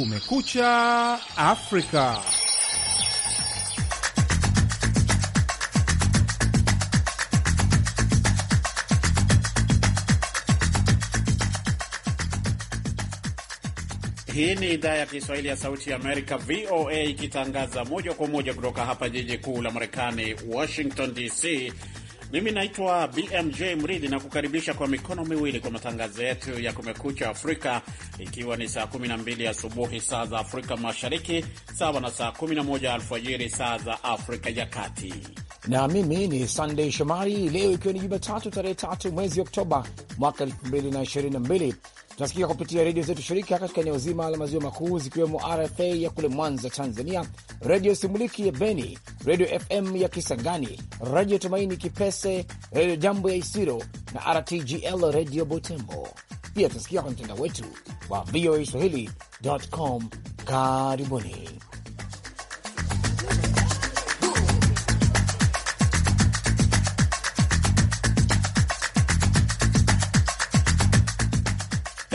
Kumekucha Afrika. Hii ni idhaa ya Kiswahili ya Sauti ya Amerika, VOA, ikitangaza moja kwa moja kutoka hapa jiji kuu la Marekani, Washington DC. Mimi naitwa BMJ Mridhi na kukaribisha kwa mikono miwili kwa matangazo yetu ya Kumekucha Afrika, ikiwa ni saa 12 asubuhi saa za Afrika Mashariki, sawa na saa 11 alfajiri saa za Afrika ya Kati. Na mimi ni sandey Shomari. Leo ikiwa ni Jumatatu tarehe tatu mwezi Oktoba mwaka 2022 tunasikika kupitia redio zetu shirika katika eneo zima la maziwa makuu zikiwemo RFA ya kule Mwanza, Tanzania, redio Simuliki ya Beni, redio FM ya Kisangani, redio Tumaini Kipese, redio Jambo ya Isiro na RTGL redio Butembo. Pia tunasikika kwenye mtandao wetu wa VOA Swahili.com. Karibuni.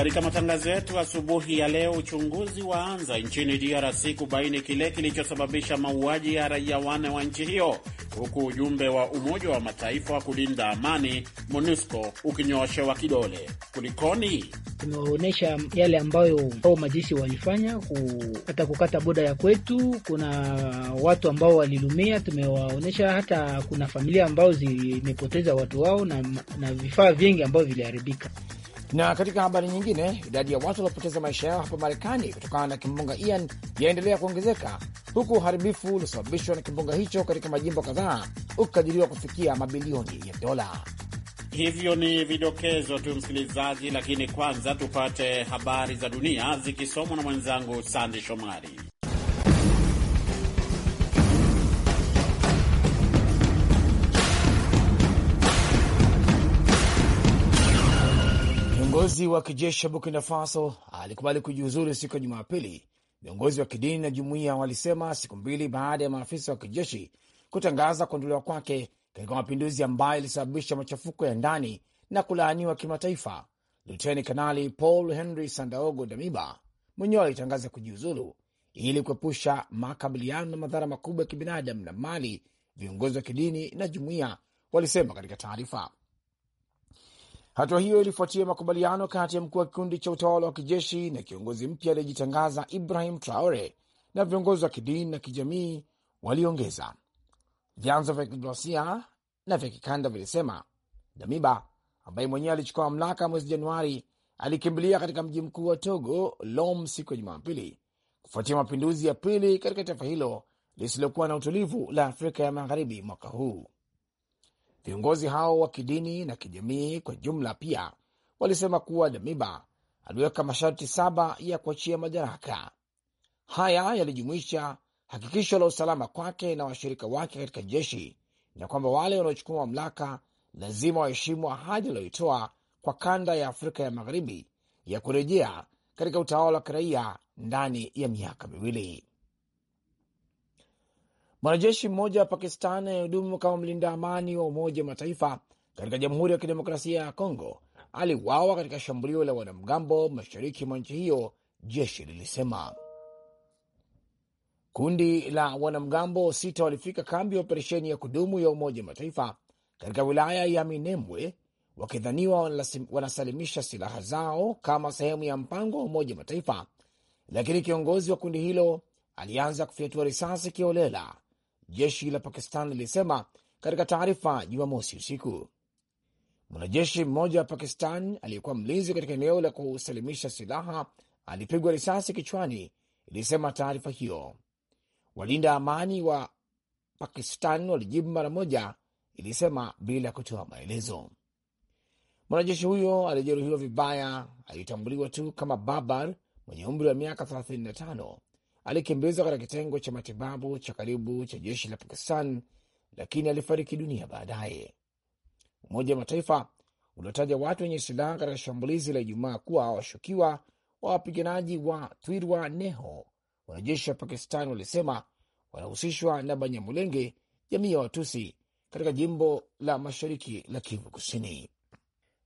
Katika matangazo yetu asubuhi ya leo, uchunguzi waanza nchini DRC kubaini kile kilichosababisha mauaji ya raia wane wa nchi hiyo, huku ujumbe wa Umoja wa Mataifa wa kulinda amani MONUSCO ukinyoshewa kidole. Kulikoni? tumewaonyesha yale ambayo hao majeshi walifanya hata kukata boda ya kwetu. Kuna watu ambao walilumia, tumewaonyesha hata kuna familia ambao zimepoteza watu wao na, na vifaa vingi ambavyo viliharibika. Na katika habari nyingine, idadi ya watu waliopoteza maisha yao hapa Marekani kutokana na kimbunga Ian yaendelea kuongezeka huku uharibifu uliosababishwa na kimbunga hicho katika majimbo kadhaa ukikadiriwa kufikia mabilioni ya dola. Hivyo ni vidokezo tu, msikilizaji, lakini kwanza tupate habari za dunia zikisomwa na mwenzangu Sandi Shomari. Kiongozi wa kijeshi wa Burkina Faso alikubali kujiuzuru siku ya Jumapili, viongozi wa kidini na jumuiya walisema, siku mbili baada ya maafisa wa kijeshi kutangaza kuondolewa kwake katika mapinduzi ambayo ilisababisha machafuko ya ndani na kulaaniwa kimataifa. Luteni Kanali Paul Henry Sandaogo Damiba mwenyewe alitangaza kujiuzulu ili kuepusha makabiliano na madhara makubwa ya kibinadamu na mali, viongozi wa kidini na jumuiya walisema katika taarifa. Hatua hiyo ilifuatia makubaliano kati ya mkuu wa kikundi cha utawala wa kijeshi na kiongozi mpya aliyejitangaza Ibrahim Traore na viongozi wa kidini na kijamii waliongeza. Vyanzo vya kidiplomasia na vya kikanda vilisema Damiba ambaye mwenyewe alichukua mamlaka mwezi Januari alikimbilia katika mji mkuu wa Togo, Lom, siku ya Jumapili kufuatia mapinduzi ya pili katika taifa hilo lisilokuwa na utulivu la Afrika ya magharibi mwaka huu. Viongozi hao wa kidini na kijamii kwa jumla pia walisema kuwa Damiba aliweka masharti saba ya kuachia madaraka. Haya yalijumuisha hakikisho la usalama kwake na washirika wake katika jeshi na kwamba wale wanaochukua mamlaka lazima waheshimu ahadi aliyoitoa kwa kanda ya Afrika ya Magharibi ya kurejea katika utawala wa kiraia ndani ya miaka miwili. Mwanajeshi mmoja wa Pakistan anayehudumu kama mlinda amani wa Umoja wa Mataifa katika Jamhuri ya Kidemokrasia ya Kongo aliuawa katika shambulio la wanamgambo mashariki mwa nchi hiyo, jeshi lilisema. Kundi la wanamgambo sita walifika kambi ya operesheni ya kudumu ya Umoja wa Mataifa katika wilaya ya Minembwe wakidhaniwa wanasalimisha silaha zao kama sehemu ya mpango wa Umoja wa Mataifa, lakini kiongozi wa kundi hilo alianza kufyatua risasi kiolela jeshi la Pakistan lilisema katika taarifa Jumamosi usiku. Mwanajeshi mmoja wa Pakistan aliyekuwa mlinzi katika eneo la kusalimisha silaha alipigwa risasi kichwani, ilisema taarifa hiyo. Walinda amani wa Pakistan walijibu mara moja, ilisema bila kutoa maelezo. Mwanajeshi huyo aliyejeruhiwa vibaya alitambuliwa tu kama Babar mwenye umri wa miaka alikimbizwa katika kitengo cha matibabu cha karibu cha jeshi la Pakistan, lakini alifariki dunia baadaye. Umoja wa Mataifa uliotaja watu wenye silaha katika shambulizi la Ijumaa kuwa washukiwa wa wapiganaji wa Twirwa Neho, wanajeshi wa Pakistan walisema wanahusishwa na Banyamulenge, jamii ya Watusi katika jimbo la mashariki la Kivu Kusini.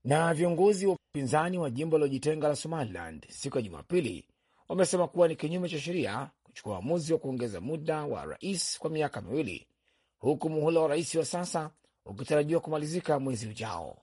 Na viongozi wa upinzani wa jimbo lilojitenga la Somaliland siku ya Jumapili wamesema kuwa ni kinyume cha sheria kuchukua uamuzi wa kuongeza muda wa rais kwa miaka miwili, huku muhula wa rais wa sasa ukitarajiwa kumalizika mwezi ujao.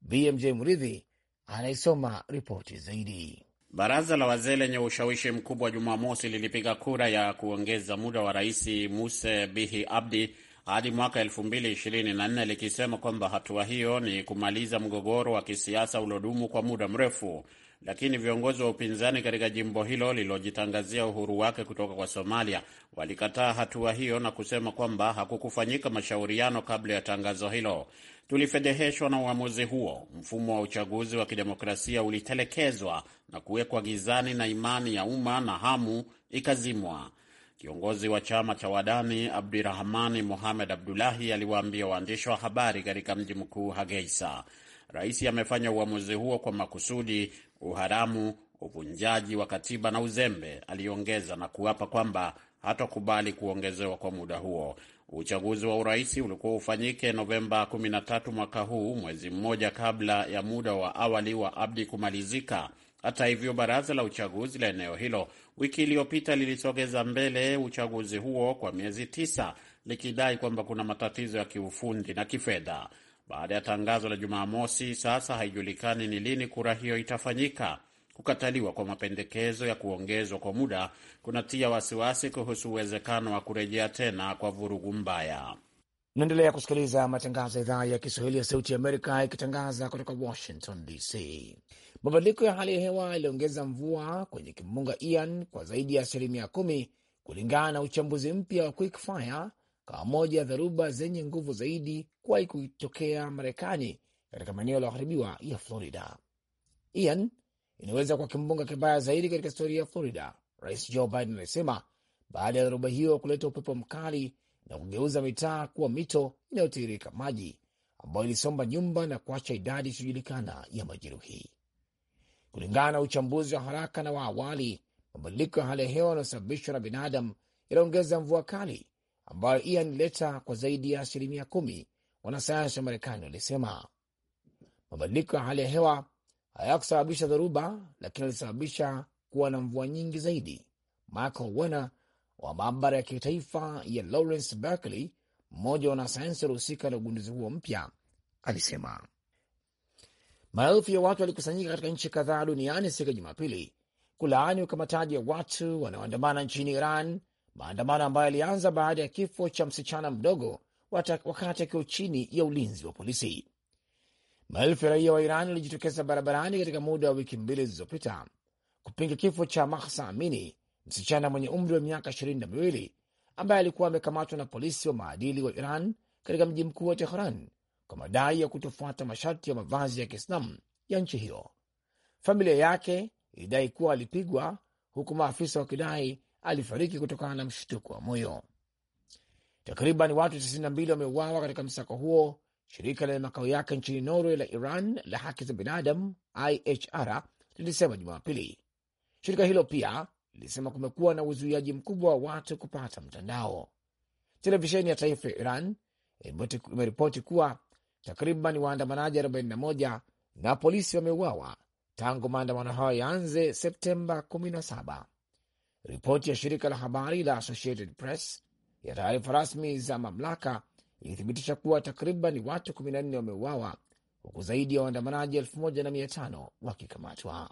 BMJ Mridhi anaisoma ripoti zaidi. Baraza la wazee lenye ushawishi mkubwa Jumamosi lilipiga kura ya kuongeza muda wa rais Muse Bihi Abdi hadi mwaka 2024 likisema kwamba hatua hiyo ni kumaliza mgogoro wa kisiasa uliodumu kwa muda mrefu lakini viongozi wa upinzani katika jimbo hilo lililojitangazia uhuru wake kutoka kwa Somalia walikataa hatua hiyo na kusema kwamba hakukufanyika mashauriano kabla ya tangazo hilo. Tulifedheheshwa na uamuzi huo. Mfumo wa uchaguzi wa kidemokrasia ulitelekezwa na kuwekwa gizani, na imani ya umma na hamu ikazimwa. Kiongozi wa chama cha Wadani abdurahmani Mohamed Abdulahi aliwaambia waandishi wa habari katika mji mkuu Hageisa Rais amefanya uamuzi huo kwa makusudi, uharamu, uvunjaji wa katiba na uzembe, aliongeza na kuapa kwamba hatakubali kuongezewa kwa muda huo. Uchaguzi wa urais ulikuwa ufanyike Novemba 13 mwaka huu, mwezi mmoja kabla ya muda wa awali wa Abdi kumalizika. Hata hivyo, baraza la uchaguzi la eneo hilo wiki iliyopita lilisogeza mbele uchaguzi huo kwa miezi tisa, likidai kwamba kuna matatizo ya kiufundi na kifedha baada ya tangazo la Jumamosi. Sasa haijulikani ni lini kura hiyo itafanyika. Kukataliwa kwa mapendekezo ya kuongezwa kwa muda kunatia wasiwasi kuhusu uwezekano wa kurejea tena kwa vurugu mbaya. Naendelea kusikiliza matangazo ya idhaa ya Kiswahili ya Sauti ya Amerika ikitangaza kutoka Washington DC. Mabadiliko ya hali ya hewa yaliongeza mvua kwenye kimbunga Ian kwa zaidi ya asilimia kumi kulingana na uchambuzi mpya wa Fire kama moja ya dharuba zenye nguvu zaidi kuwahi kutokea Marekani katika maeneo yaliyoharibiwa ya Florida. Ian inaweza kuwa kimbunga kibaya zaidi katika historia ya Florida, Rais Joe Biden alisema baada ya dharuba hiyo kuleta upepo mkali na kugeuza mitaa kuwa mito inayotiririka maji ambayo ilisomba nyumba na kuacha idadi isiyojulikana ya majeruhi. Kulingana na uchambuzi wa haraka na wa awali, mabadiliko ya hali ya hewa yanayosababishwa na binadamu yanaongeza mvua kali ambayo ia nileta kwa zaidi ya asilimia kumi, wanasayansi wa Marekani walisema. Mabadiliko ya hali ya hewa hayakusababisha dhoruba, lakini alisababisha kuwa na mvua nyingi zaidi. Michael Werner wa maabara ya kitaifa ya Lawrence Berkeley, mmoja wa wanasayansi waliohusika na ugunduzi huo mpya, alisema. Maelfu ya watu walikusanyika katika nchi kadhaa duniani siku ya Jumapili kulaani ukamataji wa watu wanaoandamana nchini Iran maandamano ambayo yalianza baada ya kifo cha msichana mdogo wakati akiwa chini ya ulinzi wa polisi. Maelfu ya raia wa Iran walijitokeza barabarani katika muda wa wiki mbili zilizopita kupinga kifo cha Mahsa Amini, msichana mwenye umri wa miaka ishirini na miwili ambaye alikuwa amekamatwa na polisi wa maadili wa Iran katika mji mkuu wa Tehran kwa madai ya kutofuata masharti ya mavazi ya Kiislamu ya nchi hiyo. Familia yake ilidai kuwa alipigwa, huku maafisa wakidai alifariki kutokana na mshtuko wa moyo. Takriban watu 92 wameuawa katika msako huo. Shirika lenye makao yake nchini Norway la Iran la haki za binadamu IHR lilisema Jumapili. Shirika hilo pia lilisema kumekuwa na uzuiaji mkubwa wa watu kupata mtandao. Televisheni ya taifa ya Iran imeripoti kuwa takriban waandamanaji 41 na polisi wameuawa tangu maandamano hayo yaanze Septemba 17. Ripoti ya shirika la habari la Associated Press ya taarifa rasmi za mamlaka ilithibitisha kuwa takriban watu 14 wameuawa huku zaidi ya waandamanaji 1500 wakikamatwa.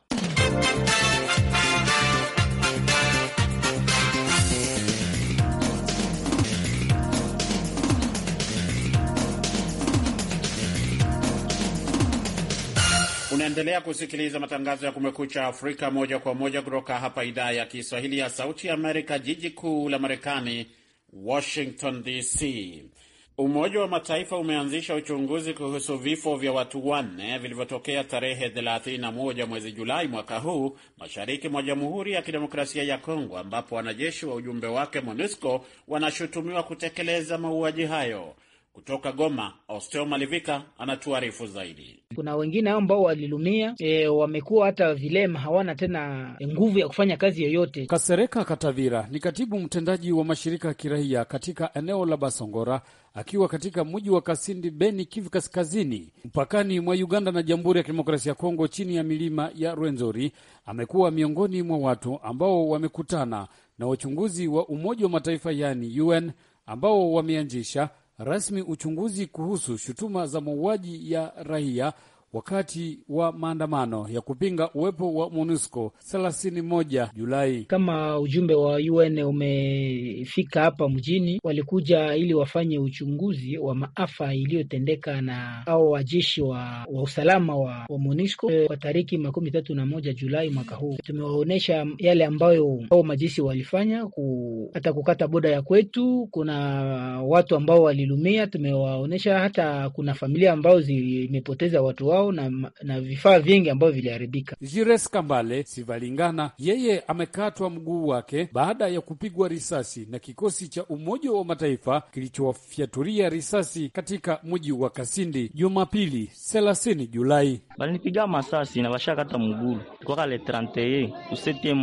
Unaendelea kusikiliza matangazo ya Kumekucha Afrika moja kwa moja kutoka hapa idhaa ya Kiswahili ya Sauti ya Amerika, jiji kuu la Marekani, Washington DC. Umoja wa Mataifa umeanzisha uchunguzi kuhusu vifo vya watu wanne vilivyotokea tarehe 31 mwezi Julai mwaka huu mashariki mwa Jamhuri ya Kidemokrasia ya Kongo, ambapo wanajeshi wa ujumbe wake MONUSCO wanashutumiwa kutekeleza mauaji hayo. Kutoka Goma, Osteo Malivika anatuarifu zaidi. Kuna wengine ambao walilumia e, wamekuwa hata vilema, hawana tena nguvu ya kufanya kazi yoyote. Kasereka Katavira ni katibu mtendaji wa mashirika ya kiraia katika eneo la Basongora, akiwa katika mji wa Kasindi, Beni, Kivu Kaskazini, mpakani mwa Uganda na Jamhuri ya Kidemokrasia ya Kongo, chini ya milima ya Rwenzori. Amekuwa miongoni mwa watu ambao wamekutana na wachunguzi wa Umoja wa Mataifa, yani UN, ambao wameanzisha rasmi uchunguzi kuhusu shutuma za mauaji ya raia wakati wa maandamano ya kupinga uwepo wa MONUSCO 31 Julai. Kama ujumbe wa UN umefika hapa mjini, walikuja ili wafanye uchunguzi wa maafa iliyotendeka na au wajeshi wa, wa usalama wa, wa MONUSCO eh, kwa tariki makumi tatu na moja Julai mwaka huu. Tumewaonyesha yale ambayo au majeshi walifanya ku, hata kukata boda ya kwetu. Kuna watu ambao walilumia, tumewaonyesha hata kuna familia ambayo zimepoteza watu wao kwao na, na vifaa vingi ambavyo viliharibika. Jires Kambale Sivalingana yeye amekatwa mguu wake baada ya kupigwa risasi na kikosi cha Umoja wa Mataifa kilichowafyaturia risasi katika mji wa Kasindi Jumapili 30 Julai. Balinipiga masasi na bashakata mguu kwa kale 31 usete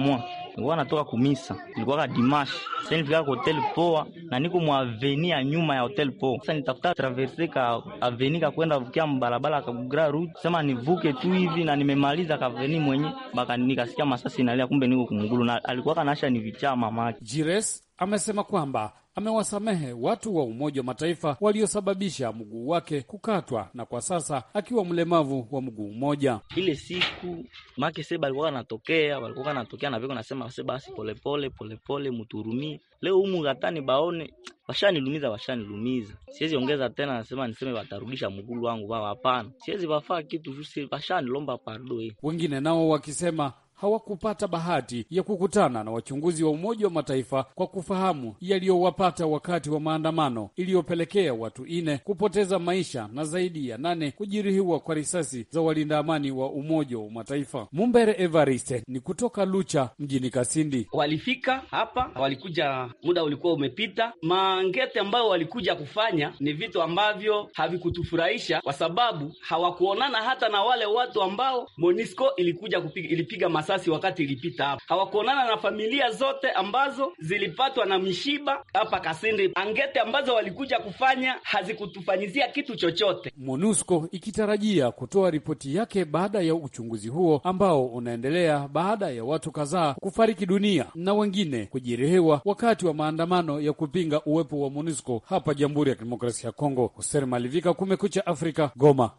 nilikuwa natoka kumisa, ilikuwa dimashi. Sasa nilifika kwa hotel poa, na niko mwa aveni ya nyuma ya hotel poa. Sasa nitafuta traverse ka aveni ka kwenda vukia mbarabara ka gra route, sema nivuke tu hivi, na nimemaliza ka aveni mwenye baka, nikasikia masasi nalia, kumbe niko kumgulu, na alikuwa kanasha ni mamake. Jires amesema kwamba amewasamehe watu wa Umoja wa Mataifa waliosababisha mguu wake kukatwa, na kwa sasa akiwa mlemavu wa mguu mmoja. Ile siku make Seba alikuwa anatokea, walikuwa anatokea na viko nasema Seba, basi polepole polepole, muturumie leo umu gatani baone washanilumiza washanilumiza, siwezi ongeza tena. Nasema niseme watarudisha mgulu wangu wao? Hapana, siwezi wafaa kitu, washani lomba pardo. Wengine nao wakisema hawakupata bahati ya kukutana na wachunguzi wa Umoja wa Mataifa kwa kufahamu yaliyowapata wakati wa maandamano iliyopelekea watu ine kupoteza maisha na zaidi ya nane kujeruhiwa kwa risasi za walinda amani wa Umoja wa Mataifa. Mumbere Evariste ni kutoka Lucha mjini Kasindi. Walifika hapa, walikuja muda ulikuwa umepita. Maangete ambayo walikuja kufanya ni vitu ambavyo havikutufurahisha kwa sababu hawakuonana hata na wale watu ambao Monisco ilikuja kupiga, ilipiga masasi wakati ilipita hapa, hawakuonana na familia zote ambazo zilipatwa na mishiba hapa Kasindi. Angete ambazo walikuja kufanya hazikutufanyizia kitu chochote. MONUSCO ikitarajia kutoa ripoti yake baada ya uchunguzi huo ambao unaendelea baada ya watu kadhaa kufariki dunia na wengine kujeruhiwa wakati wa maandamano ya kupinga uwepo wa MONUSCO hapa Jamhuri ya Kidemokrasia ya Kongo. Hoser Malivika, Kumekucha Afrika, Goma.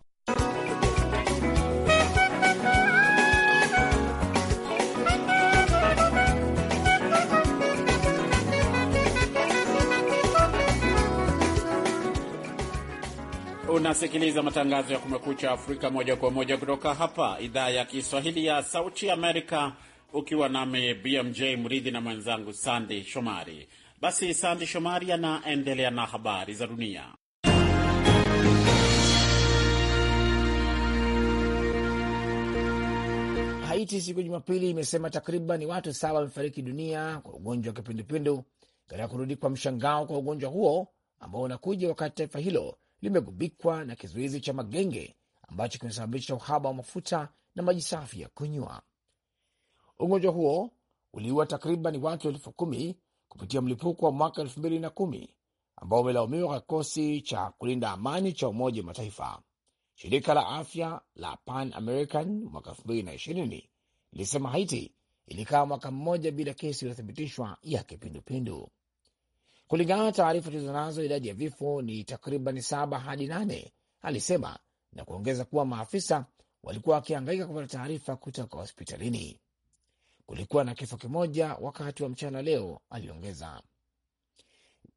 Unasikiliza matangazo ya Kumekucha Afrika moja kwa moja kutoka hapa idhaa ya Kiswahili ya Sauti Amerika, ukiwa nami BMJ Mridhi na mwenzangu Sandi Shomari. Basi Sandi Shomari anaendelea na habari za dunia. Haiti siku ya Jumapili imesema takriban watu saba wamefariki dunia kwa ugonjwa wa kipindupindu katika kurudi kwa mshangao kwa ugonjwa huo ambao unakuja wakati taifa hilo limegubikwa na kizuizi cha magenge ambacho kimesababisha uhaba wa mafuta na maji safi ya kunywa. Ugonjwa huo uliua takriban watu elfu kumi kupitia mlipuko wa mwaka elfu mbili na kumi ambao umelaumiwa kwa kikosi cha kulinda amani cha Umoja wa Mataifa. Shirika la afya la Pan American mwaka elfu mbili na ishirini lilisema Haiti ilikaa mwaka mmoja bila kesi iliyothibitishwa ya kipindupindu. Kulingana na taarifa tulizonazo, idadi ya vifo ni takriban saba hadi nane, alisema na kuongeza kuwa maafisa walikuwa wakihangaika kupata taarifa kutoka hospitalini. Kulikuwa na kifo kimoja wakati wa mchana leo, aliongeza.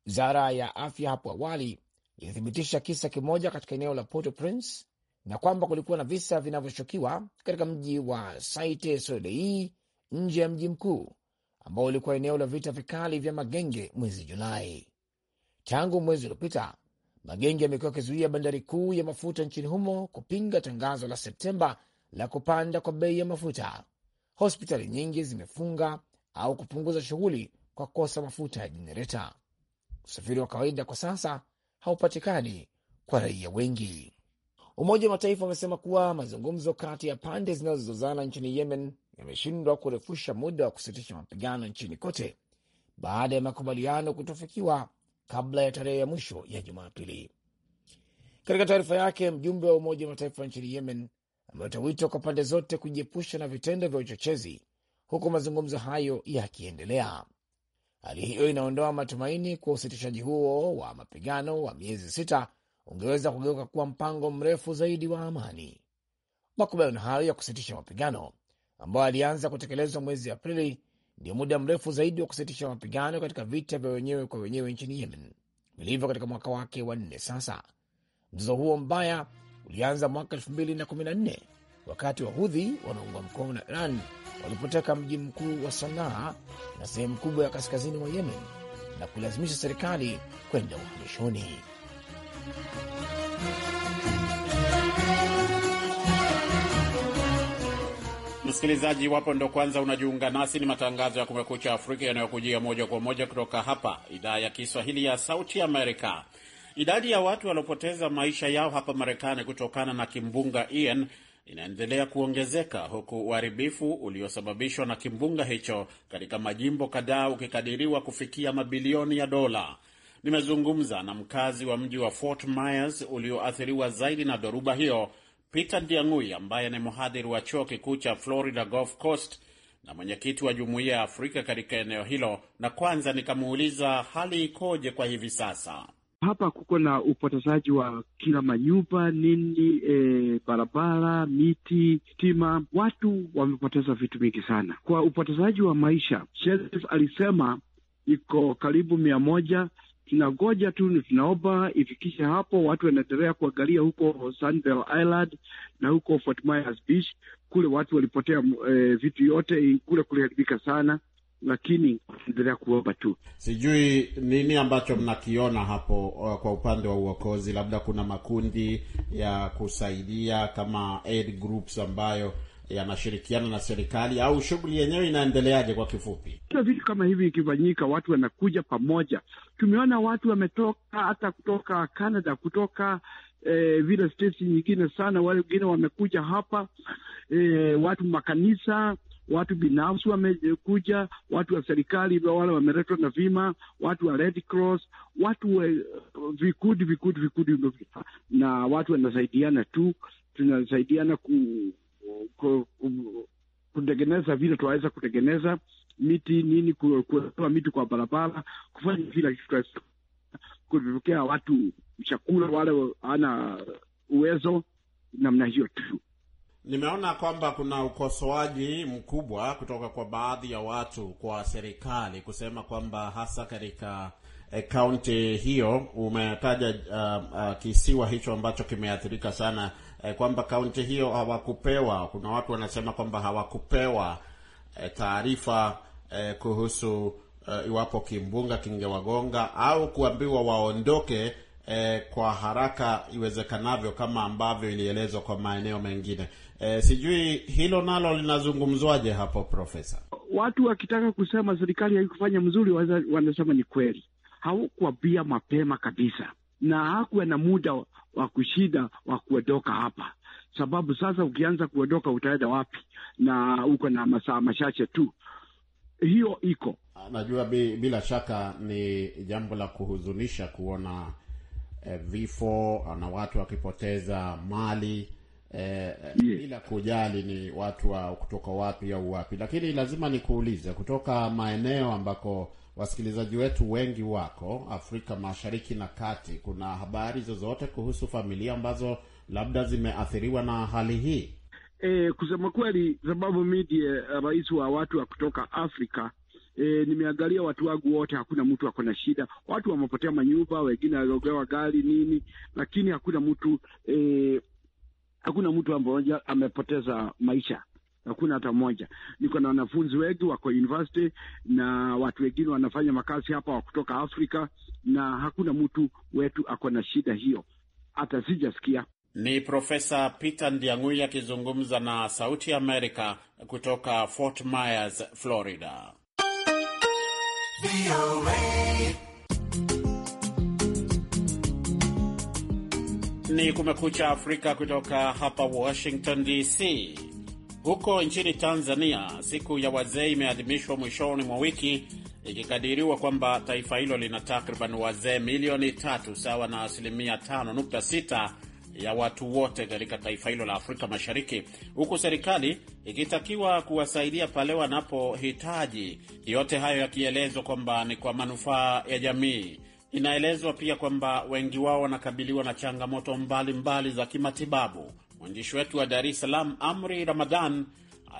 Wizara ya afya hapo awali ilithibitisha kisa kimoja katika eneo la Port-au-Prince na kwamba kulikuwa na visa vinavyoshukiwa katika mji wa Cite Soleil nje ya mji mkuu ambao ulikuwa eneo la vita vikali vya magenge mwezi Julai. Tangu mwezi uliopita, magenge yamekuwa yakizuia bandari kuu ya mafuta nchini humo kupinga tangazo la Septemba la kupanda kwa bei ya mafuta. Hospitali nyingi zimefunga au kupunguza shughuli kwa kosa mafuta ya jenereta. Usafiri wa kawaida kwa sasa haupatikani kwa raia wengi. Umoja wa Mataifa umesema kuwa mazungumzo kati ya pande zinazozozana nchini Yemen yameshindwa kurefusha muda wa kusitisha mapigano nchini kote baada ya makubaliano kutofikiwa kabla ya tarehe ya mwisho ya Jumapili. Katika taarifa yake, mjumbe wa Umoja wa Mataifa nchini Yemen ametoa wito kwa pande zote kujiepusha na vitendo vya uchochezi huku mazungumzo hayo yakiendelea. Hali hiyo inaondoa matumaini kwa usitishaji huo wa mapigano wa miezi sita ungeweza kugeuka kuwa mpango mrefu zaidi wa amani. Makubaliano hayo ya kusitisha mapigano ambayo alianza kutekelezwa mwezi Aprili ndio muda mrefu zaidi wa kusitisha mapigano katika vita vya wenyewe kwa wenyewe nchini Yemen vilivyo katika mwaka wake wa nne sasa. Mzozo huo mbaya ulianza mwaka 2014 wakati Wahudhi wanaungwa mkono na Iran walipoteka mji mkuu wa Sanaa na sehemu kubwa ya kaskazini mwa Yemen na kulazimisha serikali kwenda uhamishoni. Msikilizaji, iwapo ndo kwanza unajiunga nasi, ni matangazo ya Kumekucha Afrika yanayokujia moja kwa moja kutoka hapa idhaa ya Kiswahili ya Sauti Amerika. Idadi ya watu waliopoteza maisha yao hapa Marekani kutokana na kimbunga Ian inaendelea kuongezeka huku uharibifu uliosababishwa na kimbunga hicho katika majimbo kadhaa ukikadiriwa kufikia mabilioni ya dola. Nimezungumza na mkazi wa mji wa Fort Myers ulioathiriwa zaidi na dhoruba hiyo Peter Ndiang'ui ambaye ni mhadhiri wa chuo kikuu cha Florida Gulf Coast na mwenyekiti wa jumuiya ya Afrika katika eneo hilo, na kwanza nikamuuliza hali ikoje kwa hivi sasa. Hapa kuko na upotezaji wa kila manyumba nini, e, barabara, miti, stima. Watu wamepoteza vitu vingi sana kwa upotezaji wa maisha. Alisema iko karibu mia moja tunagoja tu, tunaomba ifikishe hapo. Watu wanaendelea kuangalia huko Sanibel Island na huko Fort Myers Beach, kule watu walipotea e, vitu yote kule, kuliharibika sana, lakini wanaendelea kuomba tu. Sijui nini ambacho mnakiona hapo eh, kwa upande wa uokozi, labda kuna makundi ya kusaidia kama aid groups ambayo yanashirikiana na serikali au shughuli yenyewe inaendeleaje? Kwa kifupi, vitu kama hivi ikifanyika, watu wanakuja pamoja. Tumeona watu wametoka hata kutoka Canada, kutoka eh, vile states nyingine sana, wale wengine wamekuja hapa eh, watu makanisa watu binafsi wamekuja, watu wa serikali wale wameletwa na vima, watu wa Red Cross, watu wa vikundi vikundi vikundi, na watu wanasaidiana tu, tunasaidiana kutengeneza vile tunaweza kutengeneza miti nini, kutoa miti kwa barabara, kufanya vile kuvipokea watu chakula wale ana uwezo namna hiyo tu. Nimeona kwamba kuna ukosoaji mkubwa kutoka kwa baadhi ya watu kwa serikali kusema kwamba hasa katika eh, kaunti hiyo umetaja uh, uh, kisiwa hicho ambacho kimeathirika sana eh, kwamba kaunti hiyo hawakupewa, kuna watu wanasema kwamba hawakupewa eh, taarifa eh, kuhusu eh, iwapo kimbunga kingewagonga au kuambiwa waondoke eh, kwa haraka iwezekanavyo kama ambavyo ilielezwa kwa maeneo mengine. Eh, sijui hilo nalo linazungumzwaje hapo Profesa? Watu wakitaka kusema serikali haikufanya mzuri, wanasema ni kweli, haukuambia mapema kabisa na hakuwe na muda wa kushida wa kuondoka hapa, sababu sasa ukianza kuondoka utaenda wapi? Na uko na masaa machache tu, hiyo iko najua. Bila shaka ni jambo la kuhuzunisha kuona eh, vifo na watu wakipoteza mali eh, yes, bila kujali ni watu wa kutoka wapi au wapi. Lakini lazima nikuulize kutoka maeneo ambako wasikilizaji wetu wengi wako Afrika Mashariki na Kati, kuna habari zozote kuhusu familia ambazo labda zimeathiriwa na hali hii? E, kusema kweli, sababu mi ndiye rais wa watu wa kutoka Afrika. E, nimeangalia watu wangu wote, hakuna mtu ako na shida. Watu wamepotea manyumba, wengine waliogewa gari nini, lakini hakuna mtu e, hakuna mtu ambaye amepoteza maisha hakuna hata mmoja. Niko na wanafunzi wengi wako university na watu wengine wanafanya makazi hapa wa kutoka Afrika, na hakuna mtu wetu ako na shida hiyo, hata sijasikia. Ni Profesa Peter Ndiang'ui akizungumza na Sauti ya Amerika kutoka Fort Myers, Florida. Ni Kumekucha Afrika kutoka hapa Washington DC. Huko nchini Tanzania, siku ya wazee imeadhimishwa mwishoni mwa wiki ikikadiriwa kwamba taifa hilo lina takriban wazee milioni tatu sawa na asilimia 5.6 ya watu wote katika taifa hilo la Afrika Mashariki, huku serikali ikitakiwa kuwasaidia pale wanapohitaji. Yote hayo yakielezwa kwamba ni kwa manufaa ya jamii. Inaelezwa pia kwamba wengi wao wanakabiliwa na changamoto mbalimbali mbali za kimatibabu Mwandishi wetu wa Dar es Salaam, Amri Ramadhan,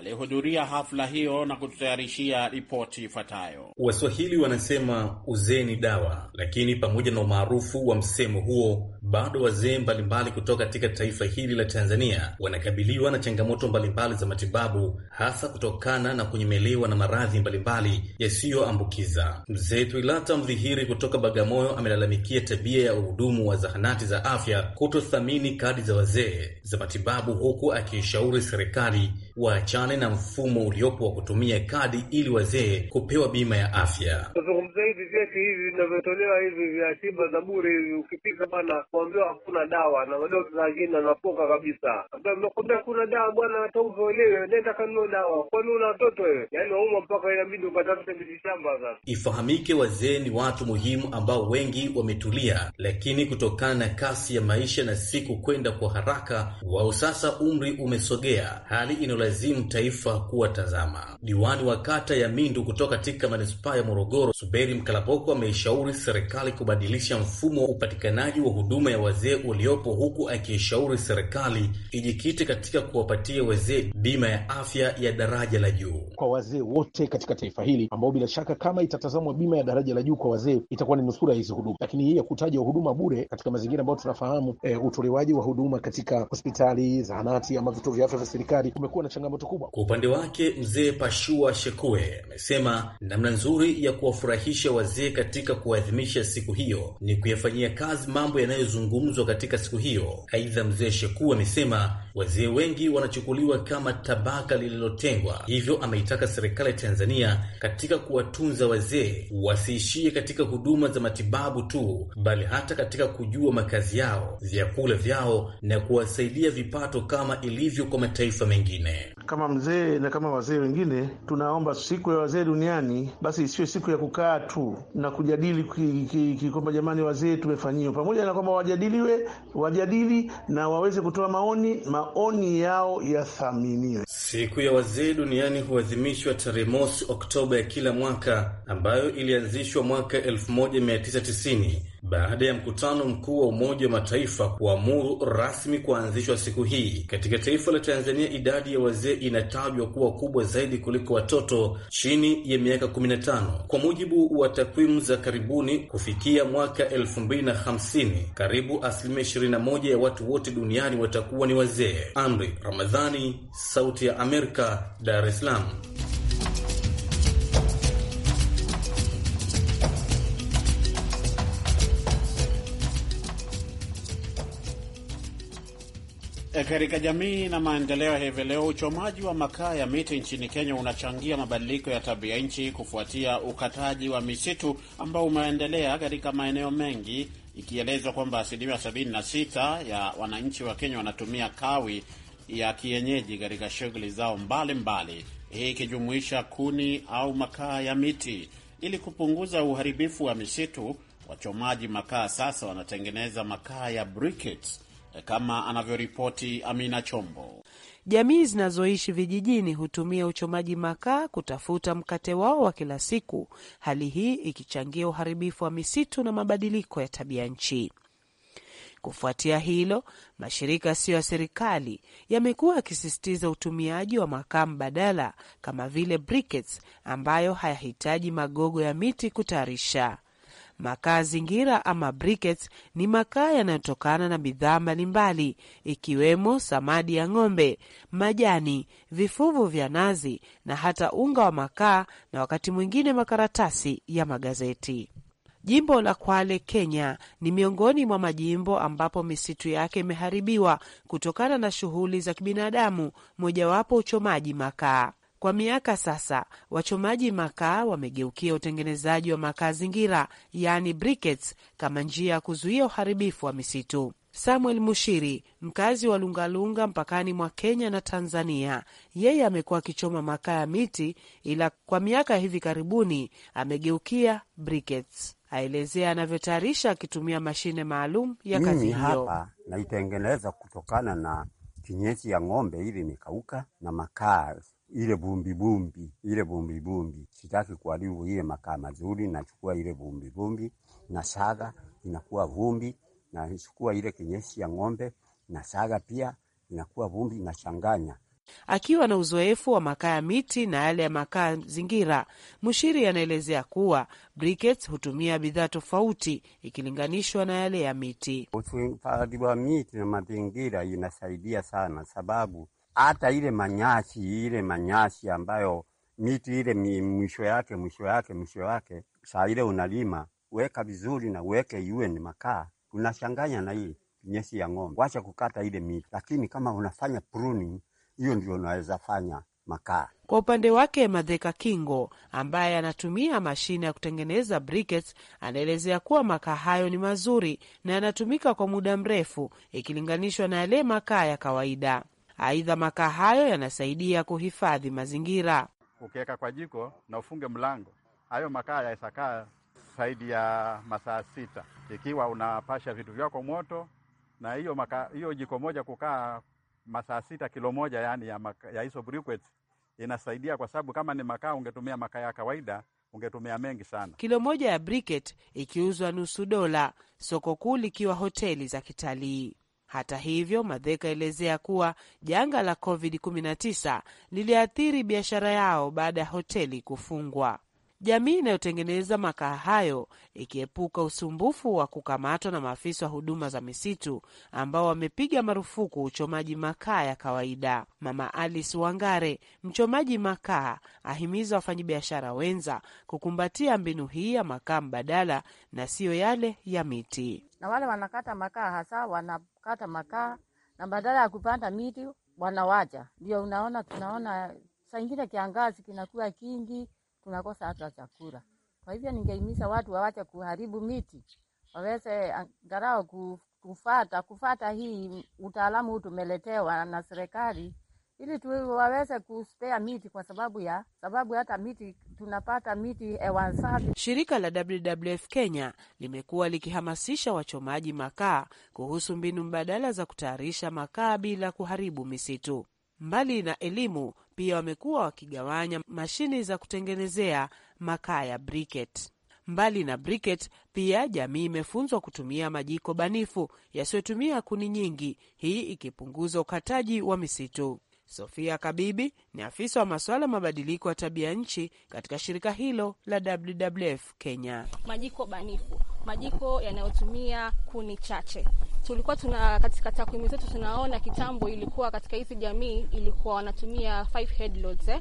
aliyehudhuria hafla hiyo na kututayarishia ripoti ifuatayo. Waswahili wanasema uzee ni dawa, lakini pamoja na umaarufu wa msemo huo, bado wazee mbalimbali kutoka katika taifa hili la Tanzania wanakabiliwa na changamoto mbalimbali za matibabu, hasa kutokana na kunyemelewa na maradhi mbalimbali yasiyoambukiza. Mzee Twilata Mdhihiri kutoka Bagamoyo amelalamikia tabia ya uhudumu wa zahanati za afya kutothamini kadi za wazee za matibabu, huku akiishauri serikali waachane waachane na mfumo uliopo wa kutumia kadi ili wazee kupewa bima ya afya. Tuzungumzia hivi vyeti hivi vinavyotolewa hivi vya tiba za bure hivi, ukifika bwana kuambiwa hakuna dawa na madokta zangine anapoka kabisa, nakwambia kuna dawa bwana, hata uvyelewe, nenda kanunua dawa. Kwani una watoto wewe? Yaani wauma mpaka inabidi ukatafute miti shamba. Sasa ifahamike, wazee ni watu muhimu ambao wengi wametulia, lakini kutokana na kasi ya maisha na siku kwenda kwa haraka, wao sasa umri umesogea, hali inayolazimu taifa kuwatazama. Diwani wa kata ya Mindu kutoka katika manispaa ya Morogoro, Suberi Mkalapoko, ameishauri serikali kubadilisha mfumo wa upatikanaji wa huduma ya wazee uliopo, huku akiishauri serikali ijikite katika kuwapatia wazee bima ya afya ya daraja la juu kwa wazee wote katika taifa hili, ambao bila shaka kama itatazamwa bima ya daraja la juu kwa wazee itakuwa ni nusura ya hizi huduma, lakini hii ya kutaja huduma bure katika mazingira ambayo tunafahamu e, utolewaji wa huduma katika hospitali, zahanati ama vituo vya afya vya serikali kumekuwa na changamoto kubwa. Kwa upande wake, mzee Pashua Shekue amesema namna nzuri ya kuwafurahisha wazee katika kuadhimisha siku hiyo ni kuyafanyia kazi mambo yanayozungumzwa katika siku hiyo. Aidha, mzee Shekue amesema wazee wengi wanachukuliwa kama tabaka lililotengwa, hivyo ameitaka serikali ya Tanzania katika kuwatunza wazee wasiishie katika huduma za matibabu tu, bali hata katika kujua makazi yao, vyakula vyao na kuwasaidia vipato kama ilivyo kwa mataifa mengine kama mzee na kama wazee wengine, tunaomba siku ya wazee duniani basi isiwe siku ya kukaa tu na kujadili kwamba jamani, wazee tumefanyiwa, pamoja na kwamba wajadiliwe, wajadili na waweze kutoa maoni, maoni yao yathaminiwe. Siku ya wazee duniani huadhimishwa tarehe mosi Oktoba ya kila mwaka ambayo ilianzishwa mwaka 1990 baada ya mkutano mkuu wa Umoja wa Mataifa kuamuru rasmi kuanzishwa siku hii. Katika taifa la Tanzania, idadi ya wazee inatajwa kuwa kubwa zaidi kuliko watoto chini ya miaka 15. Kwa mujibu wa takwimu za karibuni, kufikia mwaka 2050 karibu asilimia 21 ya watu wote duniani watakuwa ni wazee. Amri Ramadhani, Sauti ya Amerika, Dar es Salaam. E, katika jamii na maendeleo hivi leo, uchomaji wa makaa ya miti nchini Kenya unachangia mabadiliko ya tabia nchi kufuatia ukataji wa misitu ambao umeendelea katika maeneo mengi, ikielezwa kwamba asilimia 76 ya wananchi wa Kenya wanatumia kawi ya kienyeji katika shughuli zao mbalimbali, hii ikijumuisha kuni au makaa ya miti ili kupunguza uharibifu wa misitu. Wachomaji makaa sasa wanatengeneza makaa ya briquettes, kama anavyoripoti Amina Chombo. Jamii zinazoishi vijijini hutumia uchomaji makaa kutafuta mkate wao wa kila siku, hali hii ikichangia uharibifu wa misitu na mabadiliko ya tabia nchi. Kufuatia hilo, mashirika yasiyo ya serikali yamekuwa yakisisitiza utumiaji wa makaa mbadala kama vile briquettes ambayo hayahitaji magogo ya miti kutayarisha. Makaa zingira ama briquettes ni makaa yanayotokana na bidhaa mbalimbali ikiwemo samadi ya ng'ombe, majani, vifuvu vya nazi na hata unga wa makaa na wakati mwingine makaratasi ya magazeti. Jimbo la Kwale, Kenya, ni miongoni mwa majimbo ambapo misitu yake imeharibiwa kutokana na shughuli za kibinadamu, mojawapo uchomaji makaa. Kwa miaka sasa wachomaji makaa wamegeukia utengenezaji wa makaa zingira, yaani briquettes, kama njia ya kuzuia uharibifu wa misitu. Samuel Mushiri, mkazi wa Lungalunga mpakani mwa Kenya na Tanzania, yeye amekuwa akichoma makaa ya miti, ila kwa miaka ya hivi karibuni amegeukia briquettes aelezea anavyotayarisha akitumia mashine maalum ya kazi hiyo. Hapa naitengeneza kutokana na kinyesi ya ng'ombe ili mikauka na makaa ile vumbivumbi ile vumbivumbi, sitaki kuharibu ile makaa mazuri. Nachukua ile vumbivumbi na saga, inakuwa vumbi. Nachukua ile kinyesi ya ng'ombe na saga pia, inakuwa vumbi, nachanganya Akiwa na uzoefu wa makaa ya miti na yale ya makaa zingira, Mushiri anaelezea kuwa briquettes hutumia bidhaa tofauti ikilinganishwa na yale ya miti. Uhifadhi wa miti na mazingira inasaidia sana, sababu hata ile manyasi ile manyasi ambayo miti ile mwisho yake mwisho yake mwisho yake, saa ile unalima weka vizuri na uweke iwe ni makaa, unachanganya na hii nyesi ya ng'ombe, wacha kukata ile miti. Lakini kama unafanya pruning hiyo ndio unaweza fanya makaa. Kwa upande wake Madheka Kingo ambaye anatumia mashine ya kutengeneza briquettes anaelezea kuwa makaa hayo ni mazuri na yanatumika kwa muda mrefu ikilinganishwa na yale makaa ya kawaida. Aidha, makaa hayo yanasaidia kuhifadhi mazingira. Ukiweka kwa jiko na ufunge mlango, hayo makaa yaesakaa zaidi ya masaa sita ikiwa unapasha vitu vyako moto, na hiyo hiyo jiko moja kukaa masaa sita kilo moja yani ya, maka, ya isobriquet inasaidia kwa sababu kama ni makaa ungetumia makaa ya kawaida ungetumia mengi sana. Kilo moja ya briquet ikiuzwa nusu dola, soko kuu likiwa hoteli za kitalii. Hata hivyo, Madheka elezea kuwa janga la COVID-19 liliathiri biashara yao baada ya hoteli kufungwa jamii inayotengeneza makaa hayo ikiepuka usumbufu wa kukamatwa na maafisa wa huduma za misitu ambao wamepiga marufuku uchomaji makaa ya kawaida. Mama Alice Wangare, mchomaji makaa, ahimiza wafanyabiashara wenza kukumbatia mbinu hii ya makaa mbadala na siyo yale ya miti. Na wale wanakata makaa hasa wanakata makaa na badala ya kupanda miti wanawacha. Ndio unaona tunaona saa ingine kiangazi kinakuwa kingi tunakosa hata chakula. Kwa hivyo ningehimiza watu wawache kuharibu miti, waweze angalau kufata kufata hii utaalamu huu tumeletewa na serikali, ili tu waweze kuspea miti kwa sababu ya sababu hata miti tunapata miti hewa safi. Shirika la WWF Kenya limekuwa likihamasisha wachomaji makaa kuhusu mbinu mbadala za kutayarisha makaa bila kuharibu misitu. Mbali na elimu, pia wamekuwa wakigawanya mashine za kutengenezea makaa ya briket. Mbali na briket, pia jamii imefunzwa kutumia majiko banifu yasiyotumia kuni nyingi, hii ikipunguza ukataji wa misitu. Sofia Kabibi ni afisa wa masuala mabadiliko ya tabia nchi katika shirika hilo la WWF Kenya. Majiko banifu, majiko yanayotumia kuni chache tulikuwa tuna katika takwimu zetu tunaona kitambo ilikuwa katika hizi jamii ilikuwa wanatumia five head loads, eh,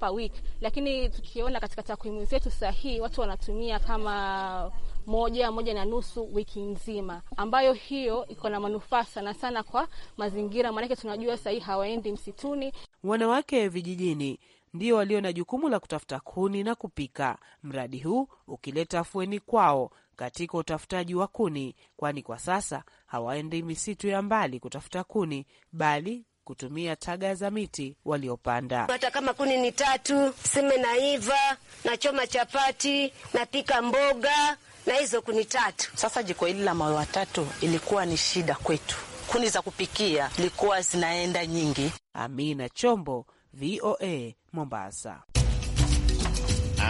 per week, lakini tukiona katika takwimu zetu sahihi watu wanatumia kama moja moja na nusu wiki nzima, ambayo hiyo iko na manufaa sana sana kwa mazingira, maanake tunajua sahii hawaendi msituni. Wanawake vijijini ndio walio na jukumu la kutafuta kuni na kupika, mradi huu ukileta afueni kwao katika utafutaji wa kuni, kwani kwa sasa hawaendi misitu ya mbali kutafuta kuni bali kutumia taga za miti waliopanda. Hata kama kuni ni tatu, seme naiva, nachoma chapati, napika mboga na hizo kuni tatu. Sasa jiko hili la mawe watatu ilikuwa ni shida kwetu, kuni za kupikia ilikuwa zinaenda nyingi. Amina Chombo, VOA, Mombasa.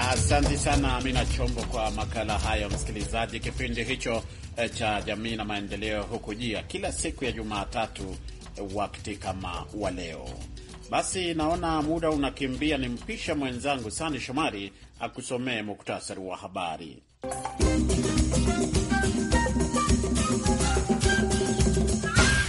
Asante sana Amina Chombo kwa makala hayo. Msikilizaji, kipindi hicho eh, cha jamii na maendeleo hukujia kila siku ya Jumatatu eh, wakati kama wa leo. Basi naona muda unakimbia, ni mpisha mwenzangu Sani Shomari akusomee muktasari wa habari.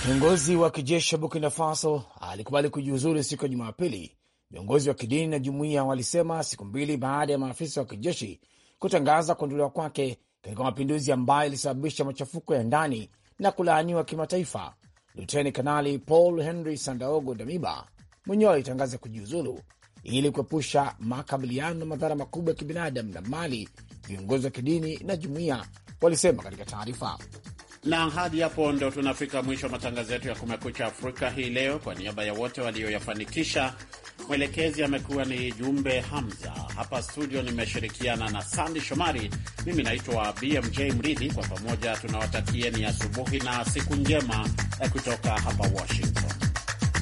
Kiongozi wa kijeshi wa Burkina Faso alikubali kujiuzuru siku ya Jumapili viongozi wa kidini na jumuiya walisema siku mbili baada ya maafisa wa kijeshi kutangaza kuondolewa kwake katika mapinduzi ambayo ilisababisha machafuko ya ndani na kulaaniwa kimataifa. Luteni Kanali Paul Henry Sandaogo Damiba mwenyewe alitangaza kujiuzulu ili kuepusha makabiliano na madhara makubwa ya kibinadamu na mali, viongozi wa kidini na jumuiya walisema katika taarifa. Na hadi hapo ndo tunafika mwisho wa matangazo yetu ya Kumekucha Afrika hii leo. Kwa niaba ya wote walioyafanikisha Mwelekezi amekuwa ni Jumbe Hamza. Hapa studio nimeshirikiana na Sandi Shomari. Mimi naitwa BMJ Mridhi. Kwa pamoja tunawatakieni asubuhi na siku njema eh, kutoka hapa Washington.